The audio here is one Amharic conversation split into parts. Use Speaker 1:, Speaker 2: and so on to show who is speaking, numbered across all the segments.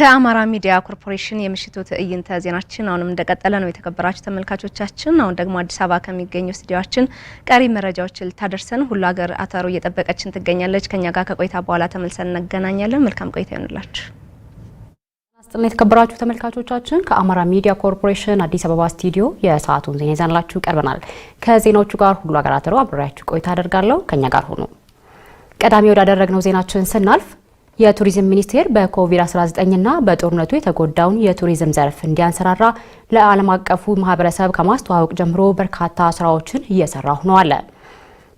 Speaker 1: ከአማራ ሚዲያ ኮርፖሬሽን የምሽቱ ትዕይንተ ዜናችን አሁንም እንደቀጠለ ነው። የተከበራችሁ ተመልካቾቻችን፣ አሁን ደግሞ አዲስ አበባ ከሚገኘው ስቱዲዮችን ቀሪ መረጃዎች ልታደርሰን ሁሉ ሀገር አታሮ እየጠበቀችን ትገኛለች። ከኛ ጋር ከቆይታ በኋላ ተመልሰን እንገናኛለን። መልካም ቆይታ ይሆንላችሁ። ጥና የተከበራችሁ ተመልካቾቻችን ከአማራ ሚዲያ ኮርፖሬሽን አዲስ አበባ ስቱዲዮ የሰዓቱን ዜና ይዘንላችሁ ቀርበናል። ከዜናዎቹ ጋር ሁሉ ሀገር አታሮ አብሬያችሁ ቆይታ አደርጋለሁ። ከኛ ጋር ሁኑ። ቀዳሚ ወዳደረግነው ዜናችን ስናልፍ የቱሪዝም ሚኒስቴር በኮቪድ-19ና በጦርነቱ የተጎዳውን የቱሪዝም ዘርፍ እንዲያንሰራራ ለዓለም አቀፉ ማህበረሰብ ከማስተዋወቅ ጀምሮ በርካታ ስራዎችን እየሰራ ሆኗል።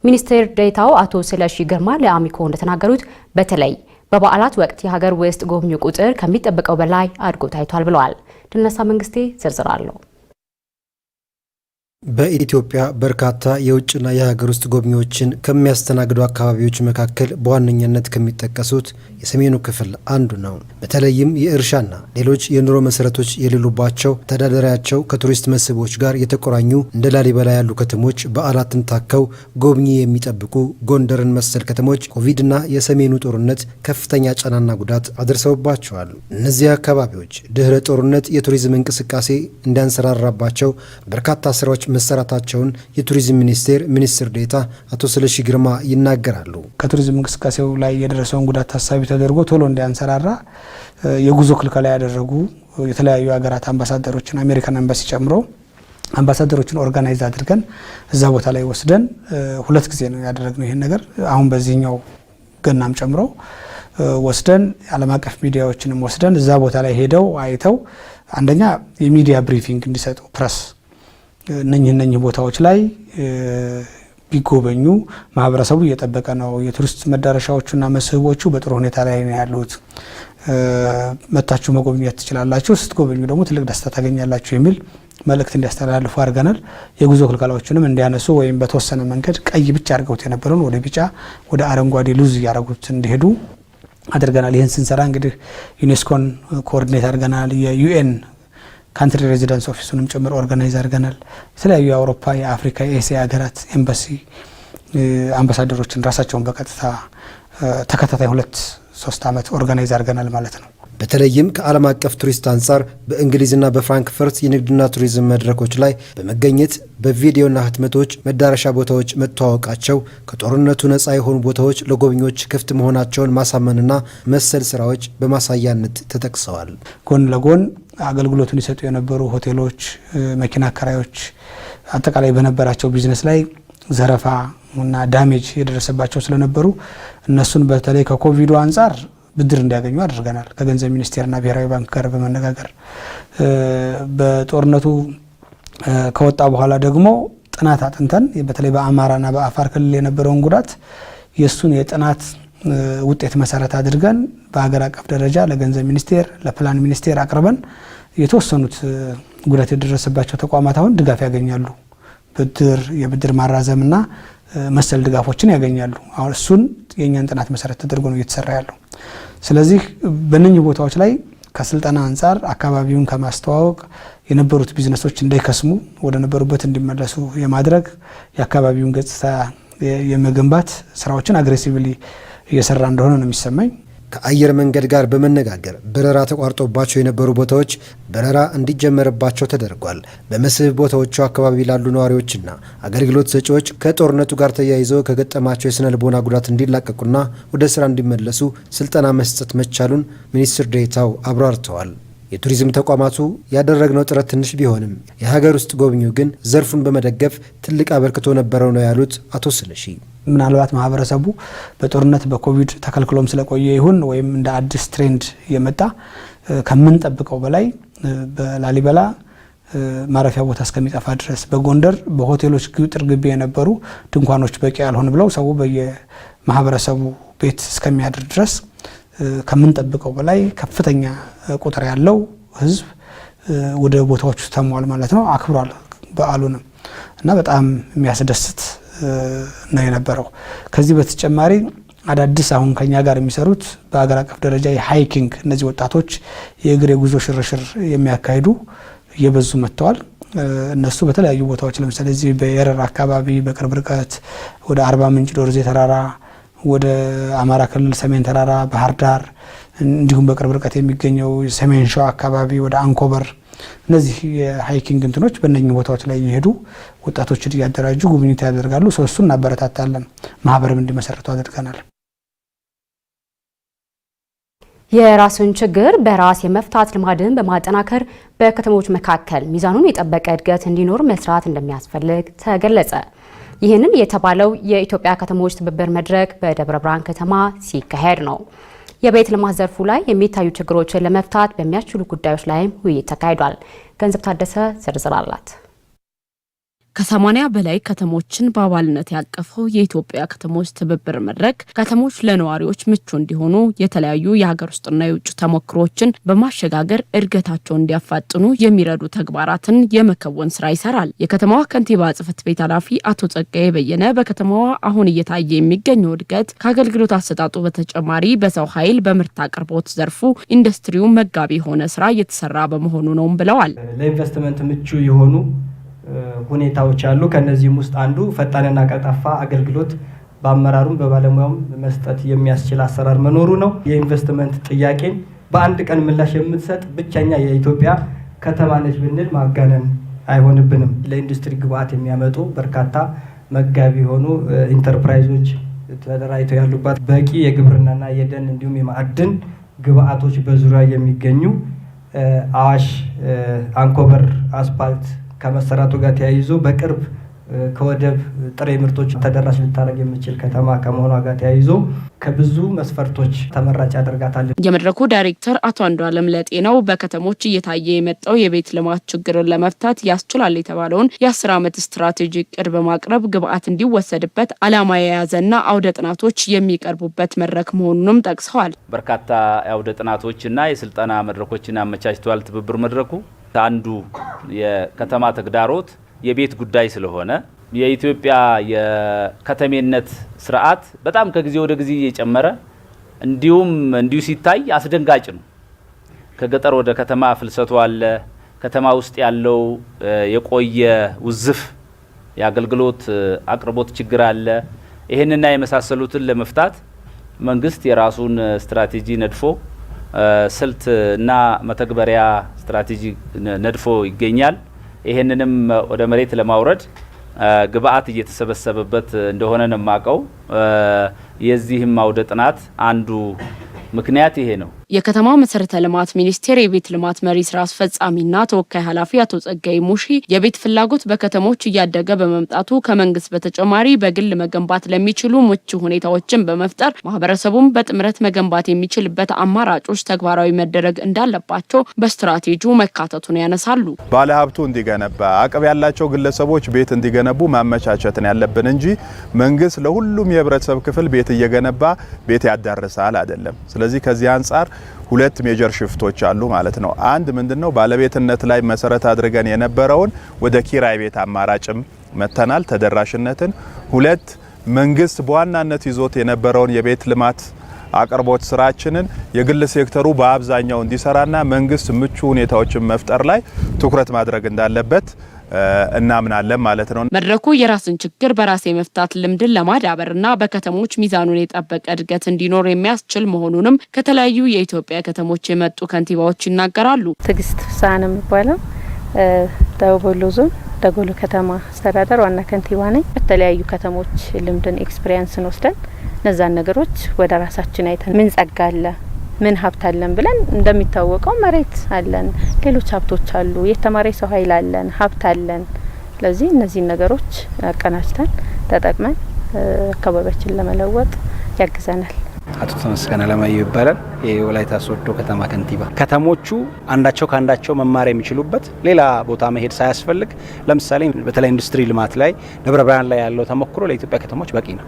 Speaker 1: ሚኒስቴር ዴታው አቶ ስለሺ ግርማ ለአሚኮ እንደተናገሩት በተለይ በበዓላት ወቅት የሀገር ውስጥ ጎብኚ ቁጥር ከሚጠበቀው በላይ አድጎ ታይቷል ብለዋል። ድነሳ መንግስቴ ዝርዝር አለው።
Speaker 2: በኢትዮጵያ በርካታ የውጭና የሀገር ውስጥ ጎብኚዎችን ከሚያስተናግዱ አካባቢዎች መካከል በዋነኛነት ከሚጠቀሱት የሰሜኑ ክፍል አንዱ ነው። በተለይም የእርሻና ሌሎች የኑሮ መሰረቶች የሌሉባቸው ተዳደሪያቸው ከቱሪስት መስህቦች ጋር የተቆራኙ እንደ ላሊበላ ያሉ ከተሞች በዓላትን ታከው ጎብኚ የሚጠብቁ ጎንደርን መሰል ከተሞች ኮቪድና የሰሜኑ ጦርነት ከፍተኛ ጫናና ጉዳት አድርሰውባቸዋል። እነዚህ አካባቢዎች ድህረ ጦርነት የቱሪዝም እንቅስቃሴ እንዳንሰራራባቸው በርካታ ስራዎች መሰራታቸውን የቱሪዝም ሚኒስቴር ሚኒስትር ዴታ አቶ ስለሺ ግርማ ይናገራሉ።
Speaker 3: ከቱሪዝም እንቅስቃሴው ላይ የደረሰውን ጉዳት ታሳቢ ተደርጎ ቶሎ እንዲያንሰራራ የጉዞ ክልከላ ያደረጉ የተለያዩ ሀገራት አምባሳደሮችን አሜሪካን ኤምባሲ ጨምሮ አምባሳደሮችን ኦርጋናይዝ አድርገን እዛ ቦታ ላይ ወስደን ሁለት ጊዜ ነው ያደረግነው ይህን ነገር አሁን በዚህኛው ገናም ጨምሮ ወስደን ዓለም አቀፍ ሚዲያዎችንም ወስደን እዛ ቦታ ላይ ሄደው አይተው አንደኛ የሚዲያ ብሪፊንግ እንዲሰጡ ፕረስ እነኝህ እነኝህ ቦታዎች ላይ ቢጎበኙ ማህበረሰቡ እየጠበቀ ነው። የቱሪስት መዳረሻዎቹና መስህቦቹ በጥሩ ሁኔታ ላይ ነው ያሉት። መታችሁ መጎብኘት ትችላላችሁ። ስትጎበኙ ደግሞ ትልቅ ደስታ ታገኛላችሁ የሚል መልእክት እንዲያስተላልፉ አድርገናል። የጉዞ ክልከላዎችንም እንዲያነሱ ወይም በተወሰነ መንገድ ቀይ ብቻ አድርገውት የነበረውን ወደ ቢጫ፣ ወደ አረንጓዴ ሉዝ እያደረጉት እንዲሄዱ አድርገናል። ይህን ስንሰራ እንግዲህ ዩኔስኮን ኮኦርዲኔት አድርገናል። የዩኤን ካንትሪ ሬዚደንስ ኦፊሱንም ጭምር ኦርጋናይዝ አድርገናል። የተለያዩ የአውሮፓ፣ የአፍሪካ፣ የኤስያ ሀገራት ኤምባሲ አምባሳደሮችን ራሳቸውን በቀጥታ ተከታታይ ሁለት ሶስት ዓመት ኦርጋናይዝ አድርገናል ማለት ነው።
Speaker 2: በተለይም ከዓለም አቀፍ ቱሪስት አንጻር በእንግሊዝና በፍራንክፈርት የንግድና ቱሪዝም መድረኮች ላይ በመገኘት በቪዲዮና ህትመቶች መዳረሻ ቦታዎች መተዋወቃቸው ከጦርነቱ ነፃ የሆኑ ቦታዎች ለጎብኚዎች ክፍት መሆናቸውን ማሳመንና መሰል ስራዎች በማሳያነት ተጠቅሰዋል።
Speaker 3: ጎን ለጎን አገልግሎቱን ይሰጡ የነበሩ ሆቴሎች፣ መኪና አከራዮች አጠቃላይ በነበራቸው ቢዝነስ ላይ ዘረፋ እና ዳሜጅ የደረሰባቸው ስለነበሩ እነሱን በተለይ ከኮቪዱ አንጻር ብድር እንዲያገኙ አድርገናል። ከገንዘብ ሚኒስቴርና ብሔራዊ ባንክ ጋር በመነጋገር በጦርነቱ ከወጣ በኋላ ደግሞ ጥናት አጥንተን በተለይ በአማራና በአፋር ክልል የነበረውን ጉዳት የእሱን የጥናት ውጤት መሰረት አድርገን በሀገር አቀፍ ደረጃ ለገንዘብ ሚኒስቴር ለፕላን ሚኒስቴር አቅርበን የተወሰኑት ጉዳት የደረሰባቸው ተቋማት አሁን ድጋፍ ያገኛሉ። ብድር የብድር ማራዘምና መሰል ድጋፎችን ያገኛሉ። አሁን እሱን የእኛን ጥናት መሰረት ተደርጎ ነው እየተሰራ ያለው። ስለዚህ በእነኚህ ቦታዎች ላይ ከስልጠና አንጻር አካባቢውን ከማስተዋወቅ የነበሩት ቢዝነሶች እንዳይከስሙ ወደ ነበሩበት እንዲመለሱ የማድረግ የአካባቢውን ገጽታ የመገንባት ስራዎችን አግሬሲቭሊ እየሰራ እንደሆነ ነው የሚሰማኝ።
Speaker 2: ከአየር መንገድ ጋር በመነጋገር በረራ ተቋርጦባቸው የነበሩ ቦታዎች በረራ እንዲጀመርባቸው ተደርጓል። በመስህብ ቦታዎቹ አካባቢ ላሉ ነዋሪዎችና አገልግሎት ሰጪዎች ከጦርነቱ ጋር ተያይዘው ከገጠማቸው የስነ ልቦና ጉዳት እንዲላቀቁና ወደ ስራ እንዲመለሱ ስልጠና መስጠት መቻሉን ሚኒስትር ዴታው አብራርተዋል። የቱሪዝም ተቋማቱ ያደረግነው ጥረት ትንሽ ቢሆንም የሀገር ውስጥ ጎብኚው ግን ዘርፉን በመደገፍ ትልቅ አበርክቶ ነበረው ነው ያሉት አቶ ስለሺ።
Speaker 3: ምናልባት ማህበረሰቡ በጦርነት በኮቪድ ተከልክሎም ስለቆየ ይሁን ወይም እንደ አዲስ ትሬንድ የመጣ ከምንጠብቀው በላይ በላሊበላ ማረፊያ ቦታ እስከሚጠፋ ድረስ በጎንደር በሆቴሎች ጥር ግቢ የነበሩ ድንኳኖች በቂ ያልሆን ብለው ሰው በየማህበረሰቡ ቤት እስከሚያድር ድረስ ከምንጠብቀው በላይ ከፍተኛ ቁጥር ያለው ህዝብ ወደ ቦታዎቹ ተሟል ማለት ነው። አክብሯል በዓሉንም እና በጣም የሚያስደስት ነው የነበረው። ከዚህ በተጨማሪ አዳዲስ አሁን ከኛ ጋር የሚሰሩት በሀገር አቀፍ ደረጃ የሃይኪንግ እነዚህ ወጣቶች የእግር የጉዞ ሽርሽር የሚያካሂዱ እየበዙ መጥተዋል። እነሱ በተለያዩ ቦታዎች ለምሳሌ እዚህ በየረር አካባቢ በቅርብ ርቀት ወደ አርባ ምንጭ ዶርዜ ተራራ ወደ አማራ ክልል ሰሜን ተራራ፣ ባህር ዳር እንዲሁም በቅርብ ርቀት የሚገኘው ሰሜን ሸዋ አካባቢ ወደ አንኮበር እነዚህ የሃይኪንግ እንትኖች በእነኝህ ቦታዎች ላይ እየሄዱ ወጣቶችን እያደራጁ ጉብኝት ያደርጋሉ። ሰው እናበረታታለን። ማህበርም እንዲመሰርቱ አድርገናል።
Speaker 1: የራስን ችግር በራስ የመፍታት ልማድን በማጠናከር በከተሞች መካከል ሚዛኑን የጠበቀ እድገት እንዲኖር መስራት እንደሚያስፈልግ ተገለጸ። ይህንን የተባለው የኢትዮጵያ ከተሞች ትብብር መድረክ በደብረ ብርሃን ከተማ ሲካሄድ ነው። የቤት ልማት ዘርፉ ላይ የሚታዩ ችግሮችን ለመፍታት በሚያስችሉ ጉዳዮች ላይም ውይይት ተካሂዷል። ገንዘብ ታደሰ ዝርዝር አላት። ከሰማኒያ በላይ ከተሞችን በአባልነት ያቀፈው የኢትዮጵያ ከተሞች ትብብር መድረክ ከተሞች ለነዋሪዎች ምቹ እንዲሆኑ የተለያዩ የሀገር ውስጥና የውጭ ተሞክሮዎችን በማሸጋገር እድገታቸውን እንዲያፋጥኑ የሚረዱ ተግባራትን የመከወን ስራ ይሰራል። የከተማዋ ከንቲባ ጽህፈት ቤት ኃላፊ አቶ ጸጋዬ በየነ በከተማዋ አሁን እየታየ የሚገኘው እድገት ከአገልግሎት አሰጣጡ በተጨማሪ በሰው ኃይል፣ በምርት አቅርቦት ዘርፉ ኢንዱስትሪው መጋቢ የሆነ ስራ እየተሰራ በመሆኑ ነውም ብለዋል።
Speaker 4: ለኢንቨስትመንት ምቹ የሆኑ ሁኔታዎች አሉ። ከነዚህም ውስጥ አንዱ ፈጣንና ቀልጣፋ አገልግሎት በአመራሩም በባለሙያውም መስጠት የሚያስችል አሰራር መኖሩ ነው። የኢንቨስትመንት ጥያቄን በአንድ ቀን ምላሽ የምትሰጥ ብቸኛ የኢትዮጵያ ከተማ ነች ብንል ማጋነን አይሆንብንም። ለኢንዱስትሪ ግብዓት የሚያመጡ በርካታ መጋቢ የሆኑ ኢንተርፕራይዞች ተደራጅተው ያሉባት በቂ የግብርናና የደን እንዲሁም የማዕድን ግብዓቶች በዙሪያ የሚገኙ አዋሽ አንኮበር አስፓልት ከመሰራቱ ጋር ተያይዞ በቅርብ ከወደብ ጥሬ ምርቶች ተደራሽ ልታደረግ የምችል ከተማ ከመሆኗ ጋር ተያይዞ ከብዙ መስፈርቶች ተመራጭ ያደርጋታል።
Speaker 1: የመድረኩ ዳይሬክተር አቶ አንዱ አለም ለጤናው በከተሞች እየታየ የመጣው የቤት ልማት ችግርን ለመፍታት ያስችላል የተባለውን የአስር ዓመት ስትራቴጂ ቅድ በማቅረብ ግብአት እንዲወሰድበት አላማ የያዘና አውደ ጥናቶች የሚቀርቡበት መድረክ መሆኑንም ጠቅሰዋል።
Speaker 5: በርካታ የአውደ ጥናቶችና የስልጠና መድረኮችን አመቻችተዋል ትብብር መድረኩ አንዱ የከተማ ተግዳሮት የቤት ጉዳይ ስለሆነ የኢትዮጵያ የከተሜነት ስርዓት በጣም ከጊዜ ወደ ጊዜ እየጨመረ እንዲሁም እንዲሁ ሲታይ አስደንጋጭ ነው። ከገጠር ወደ ከተማ ፍልሰቱ አለ። ከተማ ውስጥ ያለው የቆየ ውዝፍ የአገልግሎት አቅርቦት ችግር አለ። ይህንና የመሳሰሉትን ለመፍታት መንግስት የራሱን ስትራቴጂ ነድፎ ስልት እና መተግበሪያ ስትራቴጂ ነድፎ ይገኛል። ይህንንም ወደ መሬት ለማውረድ ግብአት እየተሰበሰበበት እንደሆነ ነው የማውቀው። የዚህም አውደ ጥናት አንዱ ምክንያት ይሄ ነው።
Speaker 1: የከተማ መሰረተ ልማት ሚኒስቴር የቤት ልማት መሪ ስራ አስፈጻሚና ተወካይ ኃላፊ አቶ ጸጋይ ሙሺ የቤት ፍላጎት በከተሞች እያደገ በመምጣቱ ከመንግስት በተጨማሪ በግል መገንባት ለሚችሉ ምቹ ሁኔታዎችን በመፍጠር ማህበረሰቡም በጥምረት መገንባት የሚችልበት አማራጮች ተግባራዊ መደረግ እንዳለባቸው በስትራቴጂው መካተቱን ያነሳሉ።
Speaker 6: ባለሀብቱ እንዲገነባ አቅም ያላቸው ግለሰቦች ቤት እንዲገነቡ ማመቻቸትን ያለብን እንጂ መንግስት ለሁሉም የህብረተሰብ ክፍል ቤት እየገነባ ቤት ያዳርሳል አይደለም። ስለዚህ ከዚህ አንጻር ሁለት ሜጀር ሽፍቶች አሉ ማለት ነው። አንድ ምንድነው ባለቤትነት ላይ መሰረት አድርገን የነበረውን ወደ ኪራይ ቤት አማራጭም መተናል ተደራሽነትን። ሁለት መንግስት በዋናነት ይዞት የነበረውን የቤት ልማት አቅርቦት ስራችንን የግል ሴክተሩ በአብዛኛው እንዲሰራና መንግስት ምቹ ሁኔታዎችን መፍጠር ላይ ትኩረት ማድረግ እንዳለበት እናምናለን ማለት ነው።
Speaker 1: መድረኩ የራስን ችግር በራስ የመፍታት ልምድን ለማዳበር እና በከተሞች ሚዛኑን የጠበቀ እድገት እንዲኖር የሚያስችል መሆኑንም ከተለያዩ የኢትዮጵያ ከተሞች የመጡ ከንቲባዎች ይናገራሉ።
Speaker 7: ትግስት ፍስሀ ነው የሚባለው። ደቡብ ወሎ ዞን ደጎሎ ከተማ አስተዳደር ዋና ከንቲባ ነኝ። በተለያዩ ከተሞች ልምድን ኤክስፔሪንስን ወስደን እነዛን ነገሮች ወደ ራሳችን አይተን ምን ጸጋ አለ ምን ሀብት አለን ብለን እንደሚታወቀው መሬት አለን፣ ሌሎች ሀብቶች አሉ፣ የተማሪ ሰው ኃይል አለን፣ ሀብት አለን። ስለዚህ እነዚህን ነገሮች አቀናጅተን ተጠቅመን አካባቢያችን ለመለወጥ ያግዘናል።
Speaker 8: አቶ ተመስገን አለማየሁ ይባላል። የወላይታ ሶዶ ከተማ ከንቲባ። ከተሞቹ አንዳቸው ከአንዳቸው መማር የሚችሉበት ሌላ ቦታ መሄድ ሳያስፈልግ፣ ለምሳሌ በተለይ ኢንዱስትሪ ልማት ላይ ደብረ ብርሃን ላይ ያለው ተሞክሮ ለኢትዮጵያ ከተሞች በቂ ነው።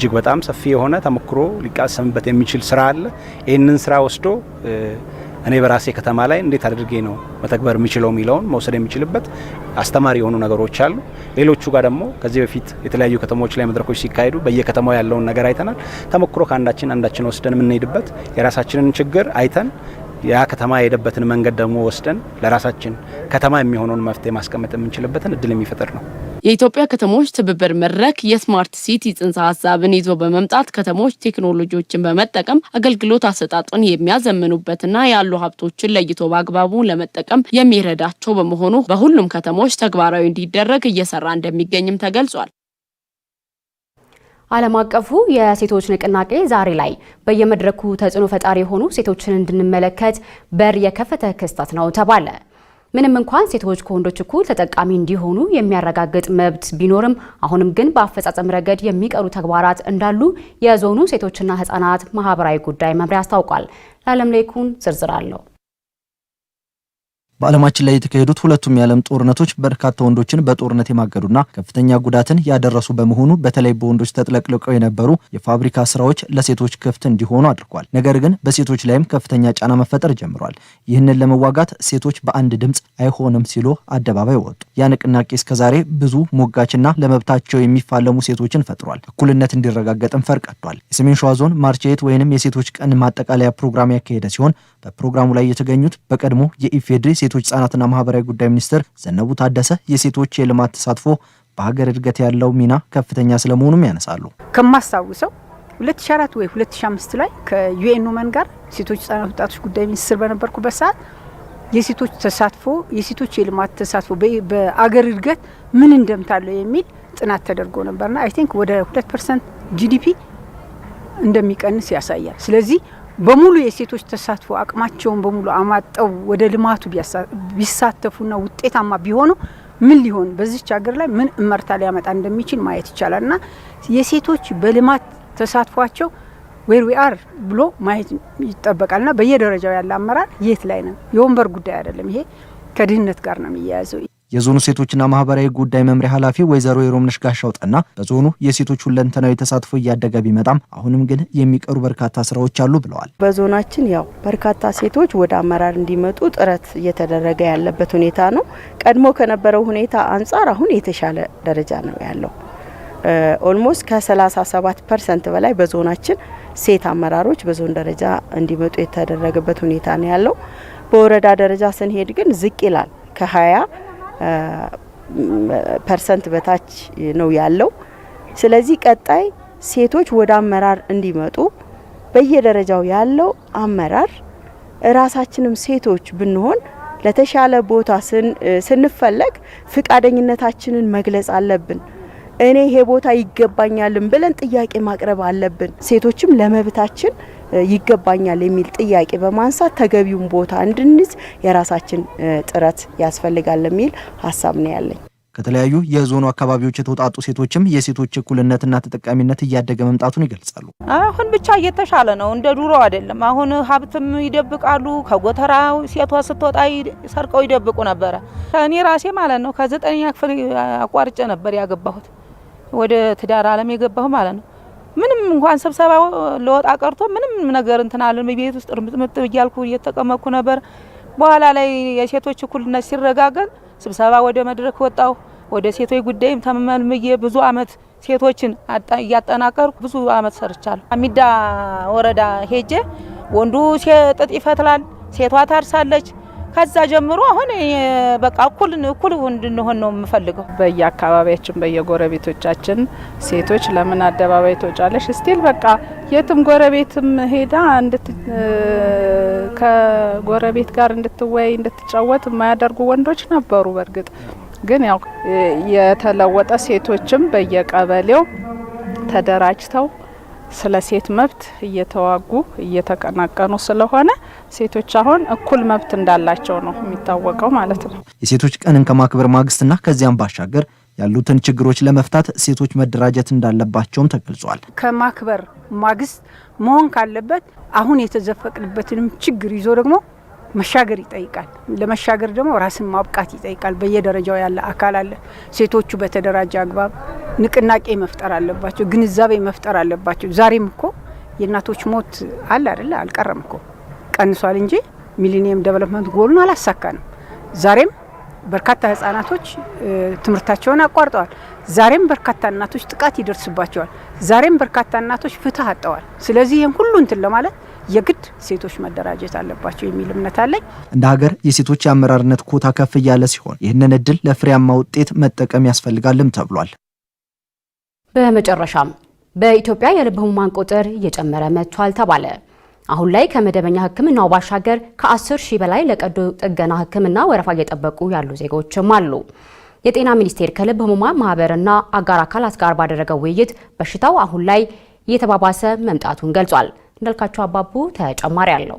Speaker 8: እጅግ በጣም ሰፊ የሆነ ተሞክሮ ሊቃሰምበት የሚችል ስራ አለ። ይህንን ስራ ወስዶ እኔ በራሴ ከተማ ላይ እንዴት አድርጌ ነው መተግበር የሚችለው የሚለውን መውሰድ የሚችልበት አስተማሪ የሆኑ ነገሮች አሉ። ሌሎቹ ጋር ደግሞ ከዚህ በፊት የተለያዩ ከተሞች ላይ መድረኮች ሲካሄዱ በየከተማው ያለውን ነገር አይተናል። ተሞክሮ ከአንዳችን አንዳችን ወስደን የምንሄድበት የራሳችንን ችግር አይተን ያ ከተማ የሄደበትን መንገድ ደግሞ ወስደን ለራሳችን ከተማ የሚሆነውን መፍትሄ ማስቀመጥ የምንችልበትን እድል የሚፈጥር ነው። የኢትዮጵያ ከተሞች ትብብር መድረክ የስማርት ሲቲ ጽንሰ ሀሳብን ይዞ በመምጣት ከተሞች ቴክኖሎጂዎችን በመጠቀም አገልግሎት አሰጣጡን የሚያዘምኑበትና ያሉ ሀብቶችን ለይቶ በአግባቡ ለመጠቀም የሚረዳቸው በመሆኑ በሁሉም ከተሞች ተግባራዊ እንዲደረግ እየሰራ እንደሚገኝም ተገልጿል። ዓለም አቀፉ የሴቶች ንቅናቄ ዛሬ ላይ በየመድረኩ ተጽዕኖ ፈጣሪ የሆኑ ሴቶችን እንድንመለከት በር የከፈተ ክስተት ነው ተባለ። ምንም እንኳን ሴቶች ከወንዶች እኩል ተጠቃሚ እንዲሆኑ የሚያረጋግጥ መብት ቢኖርም አሁንም ግን በአፈጻጸም ረገድ የሚቀሩ ተግባራት እንዳሉ የዞኑ ሴቶችና ሕፃናት ማህበራዊ ጉዳይ መምሪያ አስታውቋል። ለዓለም ላይኩን ዝርዝር አለው። በዓለማችን ላይ የተካሄዱት ሁለቱም የዓለም ጦርነቶች በርካታ ወንዶችን በጦርነት የማገዱና ከፍተኛ ጉዳትን ያደረሱ በመሆኑ በተለይ በወንዶች ተጥለቅልቀው የነበሩ የፋብሪካ ስራዎች ለሴቶች ክፍት እንዲሆኑ አድርጓል። ነገር ግን በሴቶች ላይም ከፍተኛ ጫና መፈጠር ጀምሯል። ይህንን ለመዋጋት ሴቶች በአንድ ድምፅ አይሆንም ሲሉ አደባባይ ወጡ። ያ ንቅናቄ እስከዛሬ ብዙ ሞጋችና ለመብታቸው የሚፋለሙ ሴቶችን ፈጥሯል። እኩልነት እንዲረጋገጥም ፈር ቀዷል። የሰሜን ሸዋ ዞን ማርቼት ወይንም የሴቶች ቀን ማጠቃለያ ፕሮግራም ያካሄደ ሲሆን በፕሮግራሙ ላይ የተገኙት በቀድሞ የኢፌዴሪ ሴቶች ህጻናትና ማህበራዊ ጉዳይ ሚኒስትር ዘነቡ ታደሰ የሴቶች የልማት ተሳትፎ በሀገር እድገት ያለው ሚና ከፍተኛ ስለመሆኑም ያነሳሉ። ከማስታውሰው 2004 ወይ 2005 ላይ ከዩኤን ውመን ጋር ሴቶች ህጻናት፣ ወጣቶች ጉዳይ ሚኒስትር በነበርኩበት ሰዓት የሴቶች ተሳትፎ የሴቶች የልማት ተሳትፎ በአገር እድገት ምን እንደምታለው የሚል ጥናት ተደርጎ ነበርና አይ ቲንክ ወደ ሁለት ፐርሰንት ጂዲፒ እንደሚቀንስ ያሳያል። ስለዚህ በሙሉ የሴቶች ተሳትፎ አቅማቸውን በሙሉ አማጠው ወደ ልማቱ ቢሳተፉና ውጤታማ ቢሆኑ ምን ሊሆን በዚች ሀገር ላይ ምን እመርታ ሊያመጣ እንደሚችል ማየት ይቻላል እና የሴቶች በልማት ተሳትፏቸው ዌር ዊ አር ብሎ ማየት ይጠበቃል ና በየደረጃው ያለ አመራር የት ላይ ነው? የወንበር ጉዳይ አይደለም። ይሄ ከድህነት ጋር ነው የሚያያዘው። የዞኑ ሴቶችና ማህበራዊ ጉዳይ መምሪያ ኃላፊ ወይዘሮ የሮምነሽ ጋሻው ጠና በዞኑ የሴቶች ሁለንተናዊ ተሳትፎ እያደገ ቢመጣም አሁንም ግን የሚቀሩ በርካታ ስራዎች አሉ ብለዋል። በዞናችን ያው በርካታ ሴቶች ወደ አመራር እንዲመጡ ጥረት እየተደረገ ያለበት ሁኔታ ነው። ቀድሞ ከነበረው ሁኔታ አንጻር አሁን የተሻለ ደረጃ ነው ያለው። ኦልሞስት ከ37 ፐርሰንት በላይ በዞናችን ሴት አመራሮች በዞን ደረጃ እንዲመጡ የተደረገበት ሁኔታ ነው ያለው። በወረዳ ደረጃ ስንሄድ ግን ዝቅ ይላል ከ20 ፐርሰንት በታች ነው ያለው። ስለዚህ ቀጣይ ሴቶች ወደ አመራር እንዲመጡ በየደረጃው ያለው አመራር እራሳችንም ሴቶች ብንሆን ለተሻለ ቦታ ስንፈለግ ፍቃደኝነታችንን መግለጽ አለብን። እኔ ይሄ ቦታ ይገባኛልም ብለን ጥያቄ ማቅረብ አለብን። ሴቶችም ለመብታችን ይገባኛል የሚል ጥያቄ በማንሳት ተገቢውን ቦታ እንድንይዝ የራሳችን ጥረት ያስፈልጋል የሚል ሀሳብ ነው ያለኝ። ከተለያዩ የዞኑ አካባቢዎች የተውጣጡ ሴቶችም የሴቶች እኩልነትና ተጠቃሚነት እያደገ መምጣቱን ይገልጻሉ። አሁን ብቻ እየተሻለ ነው፣ እንደ ድሮ አይደለም። አሁን ሀብትም ይደብቃሉ። ከጎተራ ሴቷ ስትወጣ ሰርቀው ይደብቁ ነበረ። እኔ ራሴ ማለት ነው ከዘጠነኛ ክፍል አቋርጬ ነበር ያገባሁት፣ ወደ ትዳር አለም የገባሁ ማለት ነው። እንኳን ስብሰባ ለወጣ ቀርቶ ምንም ነገር እንትናለን አለን። ቤት ውስጥ እርምጥምጥ እያልኩ እየተቀመጥኩ ነበር። በኋላ ላይ የሴቶች እኩልነት ሲረጋገጥ ስብሰባ ወደ መድረክ ወጣሁ። ወደ ሴቶች ጉዳይም ተመልምዬ ብዙ አመት ሴቶችን እያጠናቀርኩ ብዙ አመት ሰርቻለሁ። አሚዳ ወረዳ ሄጄ ወንዱ ጥጥ ይፈትላል፣ ሴቷ ታርሳለች ከዛ ጀምሮ አሁን በቃ እኩል እኩል እንድንሆን ነው የምፈልገው። በየአካባቢያችን በየጎረቤቶቻችን ሴቶች ለምን አደባባይ ትወጫለሽ? እስቲል በቃ የትም ጎረቤትም ሄዳ ከጎረቤት ጋር እንድትወያይ እንድትጫወት የማያደርጉ ወንዶች ነበሩ። በእርግጥ ግን ያው የተለወጠ ሴቶችም በየቀበሌው ተደራጅተው ስለ ሴት መብት እየተዋጉ እየተቀናቀኑ ስለሆነ ሴቶች አሁን እኩል መብት እንዳላቸው ነው የሚታወቀው ማለት ነው። የሴቶች ቀንን ከማክበር ማግስትና ከዚያም ባሻገር ያሉትን ችግሮች ለመፍታት ሴቶች መደራጀት እንዳለባቸውም ተገልጿል። ከማክበር ማግስት መሆን ካለበት አሁን የተዘፈቅንበትንም ችግር ይዞ ደግሞ መሻገር ይጠይቃል። ለመሻገር ደግሞ ራስን ማብቃት ይጠይቃል። በየደረጃው ያለ አካል አለ። ሴቶቹ በተደራጀ አግባብ ንቅናቄ መፍጠር አለባቸው፣ ግንዛቤ መፍጠር አለባቸው። ዛሬም እኮ የእናቶች ሞት አለ አደለ? አልቀረም እኮ ቀንሷል እንጂ ሚሊኒየም ደቨሎፕመንት ጎሉን አላሳካንም። ዛሬም በርካታ ህጻናቶች ትምህርታቸውን አቋርጠዋል። ዛሬም በርካታ እናቶች ጥቃት ይደርስባቸዋል። ዛሬም በርካታ እናቶች ፍትህ አጠዋል። ስለዚህ ይህን ሁሉ እንትን ለማለት የግድ ሴቶች መደራጀት አለባቸው የሚል እምነት አለኝ። እንደ ሀገር የሴቶች የአመራርነት ኮታ ከፍ እያለ ሲሆን ይህንን እድል ለፍሬያማ ውጤት መጠቀም ያስፈልጋልም ተብሏል። በመጨረሻም በኢትዮጵያ የልብ ህሙማን ቁጥር እየጨመረ መጥቷል ተባለ። አሁን ላይ ከመደበኛ ህክምናው ባሻገር ከ10 ሺህ በላይ ለቀዶ ጥገና ህክምና ወረፋ እየጠበቁ ያሉ ዜጎችም አሉ። የጤና ሚኒስቴር ከልብ ህሙማን ማህበርና አጋር አካላት ጋር ባደረገው ውይይት በሽታው አሁን ላይ እየተባባሰ መምጣቱን ገልጿል። እንዳልካቸው አባቡ ተጨማሪ አለው።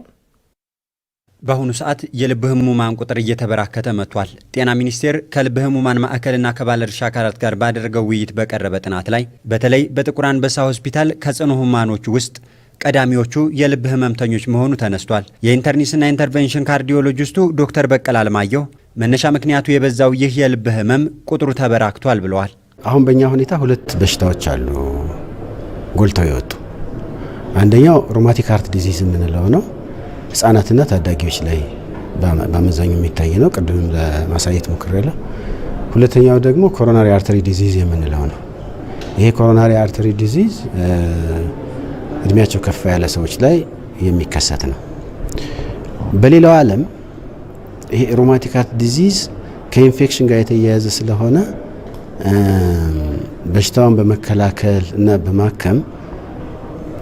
Speaker 8: በአሁኑ ሰዓት የልብ ህሙማን ቁጥር እየተበራከተ መጥቷል። ጤና ሚኒስቴር ከልብ ህሙማን ማዕከልና ከባለድርሻ አካላት ጋር ባደረገው ውይይት በቀረበ ጥናት ላይ በተለይ በጥቁር አንበሳ ሆስፒታል ከጽኑ ህሙማኖች ውስጥ ቀዳሚዎቹ የልብ ህመምተኞች መሆኑ ተነስቷል። የኢንተርኒስና ኢንተርቬንሽን ካርዲዮሎጂስቱ ዶክተር በቀል አለማየሁ መነሻ ምክንያቱ የበዛው ይህ የልብ ህመም ቁጥሩ ተበራክቷል ብለዋል። አሁን በእኛ ሁኔታ ሁለት በሽታዎች አሉ ጎልተው የወጡ አንደኛው ሮማቲክ ሃርት ዲዚዝ የምንለው ነው። ህጻናትና ታዳጊዎች ላይ በአመዛኙ የሚታይ ነው። ቅድም ለማሳየት ሞክሬያለሁ። ሁለተኛው ደግሞ ኮሮናሪ አርተሪ ዲዚዝ የምንለው ነው። ይሄ ኮሮናሪ አርተሪ ዲዚዝ እድሜያቸው ከፍ ያለ ሰዎች ላይ የሚከሰት ነው። በሌላው ዓለም ይሄ ሮማቲክ ሃርት ዲዚዝ ከኢንፌክሽን ጋር የተያያዘ ስለሆነ በሽታውን በመከላከል እና በማከም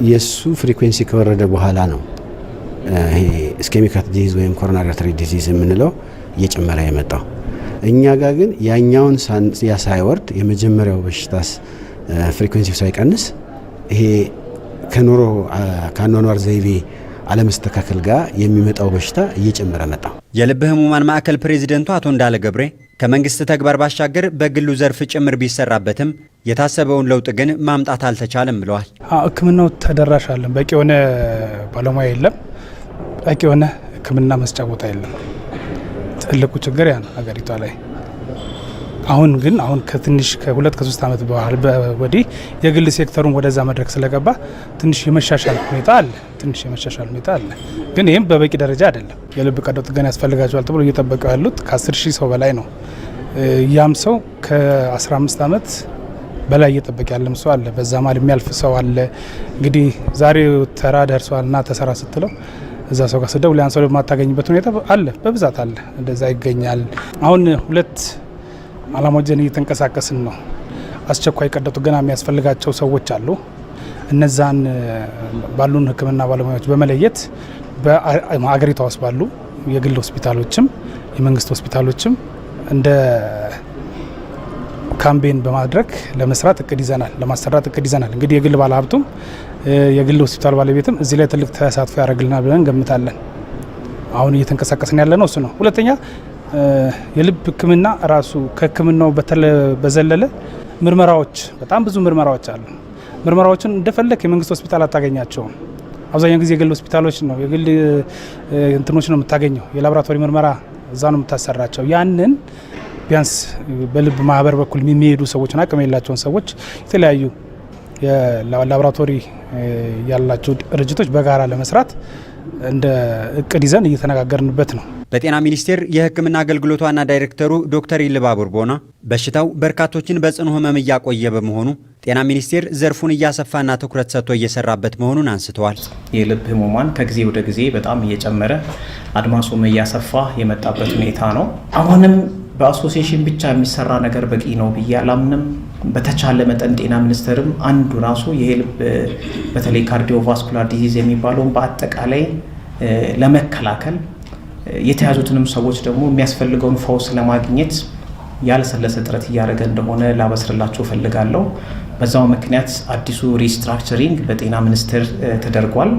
Speaker 8: የእሱ ፍሪኩዌንሲ ከወረደ በኋላ ነው ይሄ እስኬሚክ ሃርት ዲዚዝ ወይም ኮሮናሪ አርተሪ ዲዚዝ የምንለው እየጨመረ የመጣው። እኛ ጋር ግን ያኛውን ያ ሳይወርድ የመጀመሪያው በሽታስ ፍሪኩዌንሲ ሳይቀንስ ይሄ ከኑሮ ከአኗኗር ዘይቤ አለመስተካከል ጋር የሚመጣው በሽታ እየጨመረ መጣ። የልብ ህሙማን ማዕከል ፕሬዚደንቱ አቶ እንዳለ ገብሬ ከመንግስት ተግባር ባሻገር በግሉ ዘርፍ ጭምር ቢሰራበትም የታሰበውን ለውጥ ግን ማምጣት አልተቻለም ብለዋል። ሕክምናው ተደራሽ አለን፣ በቂ የሆነ ባለሙያ የለም፣ በቂ የሆነ ሕክምና መስጫ ቦታ የለም። ትልቁ ችግር ያ ነው ሀገሪቷ ላይ አሁን ግን አሁን ከትንሽ ከሁለት ከሶስት ዓመት በኋላ ወዲህ የግል ሴክተሩን ወደዛ መድረክ ስለገባ ትንሽ የመሻሻል ሁኔታ አለ። ትንሽ የመሻሻል ሁኔታ አለ፣ ግን ይህም በበቂ ደረጃ አይደለም። የልብ ቀዶ ጥገና ያስፈልጋቸዋል ተብሎ እየጠበቀ ያሉት ከ10 ሺህ ሰው በላይ ነው። ያም ሰው ከ15 ዓመት በላይ እየጠበቀ ያለም ሰው አለ። በዛ ማል የሚያልፍ ሰው አለ። እንግዲህ ዛሬ ተራ ደርሷል ተሰራ ስትለው እዛ ሰው ጋር ስደው ሊያን ሰው ማታገኝበት ሁኔታ አለ፣ በብዛት አለ። እንደዛ ይገኛል አሁን ሁለት አላማጀን እየተንቀሳቀስን ነው። አስቸኳይ ቀዶ ጥገና የሚያስፈልጋቸው ሰዎች አሉ። እነዛን ባሉን ሕክምና ባለሙያዎች በመለየት በአገሪቷ ውስጥ ባሉ የግል ሆስፒታሎችም የመንግስት ሆስፒታሎችም እንደ ካምፔን በማድረግ ለመስራት እቅድ ይዘናል፣ ለማሰራት እቅድ ይዘናል። እንግዲህ የግል ባለሀብቱም የግል ሆስፒታል ባለቤትም እዚህ ላይ ትልቅ ተሳትፎ ያደርግልናል ብለን እንገምታለን። አሁን እየተንቀሳቀስን ያለ ነው እሱ ነው። ሁለተኛ የልብ ሕክምና ራሱ ከሕክምናው በዘለለ ምርመራዎች በጣም ብዙ ምርመራዎች አሉ። ምርመራዎችን እንደፈለክ የመንግስት ሆስፒታል አታገኛቸውም። አብዛኛው ጊዜ የግል ሆስፒታሎች ነው የግል እንትኖች ነው የምታገኘው። የላቦራቶሪ ምርመራ እዛ ነው የምታሰራቸው። ያንን ቢያንስ በልብ ማህበር በኩል የሚሄዱ ሰዎችን አቅም የላቸውን ሰዎች የተለያዩ የላቦራቶሪ ያላቸው ድርጅቶች በጋራ ለመስራት እንደ እቅድ ይዘን እየተነጋገርንበት ነው። በጤና ሚኒስቴር የሕክምና አገልግሎት ዋና ዳይሬክተሩ ዶክተር ይልባቡር ቦና በሽታው በርካቶችን በጽኑ ህመም እያቆየ በመሆኑ ጤና ሚኒስቴር ዘርፉን እያሰፋና ትኩረት ሰጥቶ እየሰራበት መሆኑን አንስተዋል። የልብ ህሙማን ከጊዜ ወደ ጊዜ በጣም እየጨመረ አድማሱም እያሰፋ የመጣበት ሁኔታ ነው። አሁንም በአሶሲሽን ብቻ የሚሰራ ነገር በቂ ነው ብዬ አላምንም። በተቻለ መጠን ጤና ሚኒስቴርም አንዱ ራሱ የልብ በተለይ ካርዲዮቫስኩላር ዲዚዝ የሚባለውን በአጠቃላይ ለመከላከል የተያዙትንም ሰዎች ደግሞ የሚያስፈልገውን ፈውስ ለማግኘት ያለሰለሰ ጥረት እያደረገ እንደሆነ ላበስርላቸው እፈልጋለሁ። በዛው ምክንያት አዲሱ ሪስትራክቸሪንግ በጤና ሚኒስቴር ተደርጓል።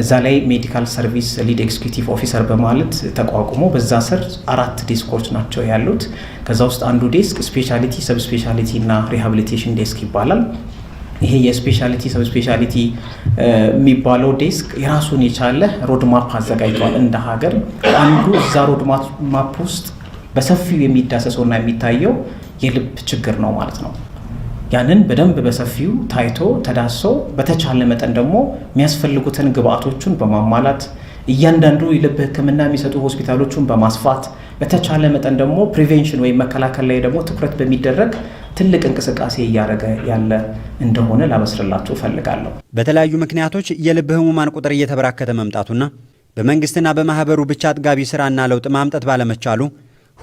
Speaker 8: እዛ ላይ ሜዲካል ሰርቪስ ሊድ ኤግዚኪቲቭ ኦፊሰር በማለት ተቋቁሞ በዛ ስር አራት ዴስኮች ናቸው ያሉት። ከዛ ውስጥ አንዱ ዴስክ ስፔሻሊቲ ሰብ ስፔሻሊቲ እና ሪሃብሊቴሽን ዴስክ ይባላል። ይሄ የስፔሻሊቲ ሰብ ስፔሻሊቲ የሚባለው ዴስክ የራሱን የቻለ ሮድማፕ አዘጋጅቷል እንደ ሀገር። አንዱ እዛ ሮድማፕ ውስጥ በሰፊው የሚዳሰሰው ና የሚታየው የልብ ችግር ነው ማለት ነው። ያንን በደንብ በሰፊው ታይቶ ተዳሶ በተቻለ መጠን ደግሞ የሚያስፈልጉትን ግብአቶቹን በማሟላት እያንዳንዱ የልብ ሕክምና የሚሰጡ ሆስፒታሎቹን በማስፋት በተቻለ መጠን ደግሞ ፕሪቬንሽን ወይም መከላከል ላይ ደግሞ ትኩረት በሚደረግ ትልቅ እንቅስቃሴ እያደረገ ያለ እንደሆነ ላበስርላችሁ እፈልጋለሁ። በተለያዩ ምክንያቶች የልብ ህሙማን ቁጥር እየተበራከተ መምጣቱና በመንግስትና በማህበሩ ብቻ አጥጋቢ ስራና ለውጥ ማምጠት ባለመቻሉ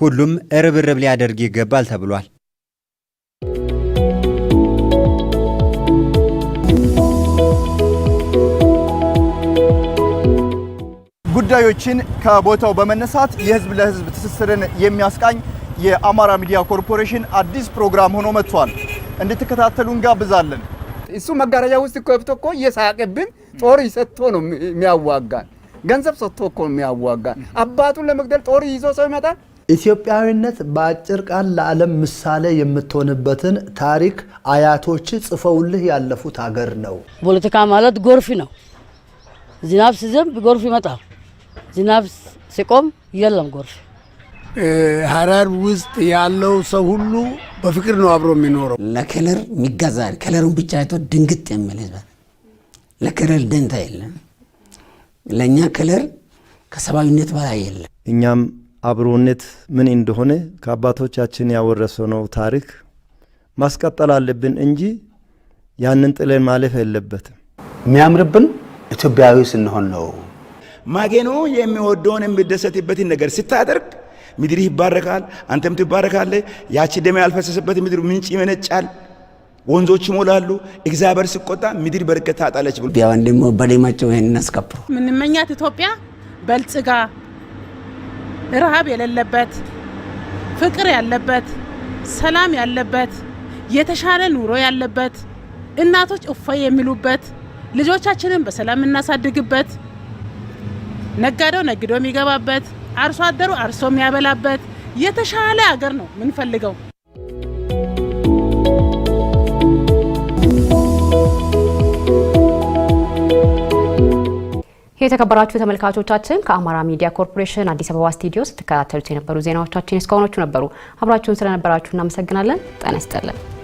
Speaker 8: ሁሉም ርብርብ ሊያደርግ ይገባል ተብሏል። ጉዳዮችን ከቦታው በመነሳት የህዝብ ለህዝብ ትስስርን የሚያስቃኝ የአማራ ሚዲያ ኮርፖሬሽን አዲስ ፕሮግራም ሆኖ መጥቷል። እንድትከታተሉ እንጋብዛለን። እሱ መጋረጃ ውስጥ ከብቶ እኮ እየሳቅብን ጦር ሰጥቶ ነው የሚያዋጋን፣ ገንዘብ ሰጥቶ እኮ ነው የሚያዋጋን። አባቱን ለመግደል ጦር ይዞ ሰው ይመጣል። ኢትዮጵያዊነት በአጭር ቃል ለዓለም ምሳሌ የምትሆንበትን ታሪክ አያቶች ጽፈውልህ ያለፉት ሀገር ነው። ፖለቲካ ማለት ጎርፍ ነው። ዝናብ ሲዘንብ ጎርፍ ይመጣል። ዝናብ ሲቆም የለም ጎርፍ። ሀረር ውስጥ ያለው ሰው ሁሉ በፍቅር ነው አብሮ የሚኖረው። ለከለር የሚገዛ ከለሩን ብቻ አይቶ ድንግጥ የሚል ህዝብ፣ ለከለር ደንታ የለም። ለእኛ ከለር ከሰብአዊነት በላይ የለም። እኛም አብሮነት ምን እንደሆነ ከአባቶቻችን ያወረሰነው ታሪክ ማስቀጠል አለብን እንጂ ያንን ጥለን ማለፍ የለበትም። የሚያምርብን ኢትዮጵያዊ ስንሆን ነው። ማጌኖ የሚወደውን የሚደሰትበትን ነገር ስታደርግ ምድር ይባረካል፣ አንተም ትባረካለህ። ያቺ ደም ያልፈሰሰበት ምድር ምንጭ ይመነጫል፣ ወንዞች ይሞላሉ። እግዚአብሔር ሲቆጣ ምድር በረከት ታጣለች ብሎ ያን ደሞ በሌማቸው ይህን እናስከብሩ። ምንመኛት ኢትዮጵያ በልጽጋ ረሃብ የሌለበት ፍቅር ያለበት ሰላም ያለበት የተሻለ ኑሮ ያለበት እናቶች እፎይ የሚሉበት ልጆቻችንን በሰላም እናሳድግበት ነጋዴው ነግዶ የሚገባበት፣ አርሶ አደሩ አርሶ የሚያበላበት የተሻለ ሀገር ነው የምንፈልገው። የተከበራችሁ ተመልካቾቻችን ከአማራ ሚዲያ ኮርፖሬሽን አዲስ አበባ ስቱዲዮ ስትከታተሉት የነበሩ ዜናዎቻችን እስካሁኖቹ ነበሩ። አብራችሁን ስለነበራችሁ እናመሰግናለን። ጤና ይስጥልን።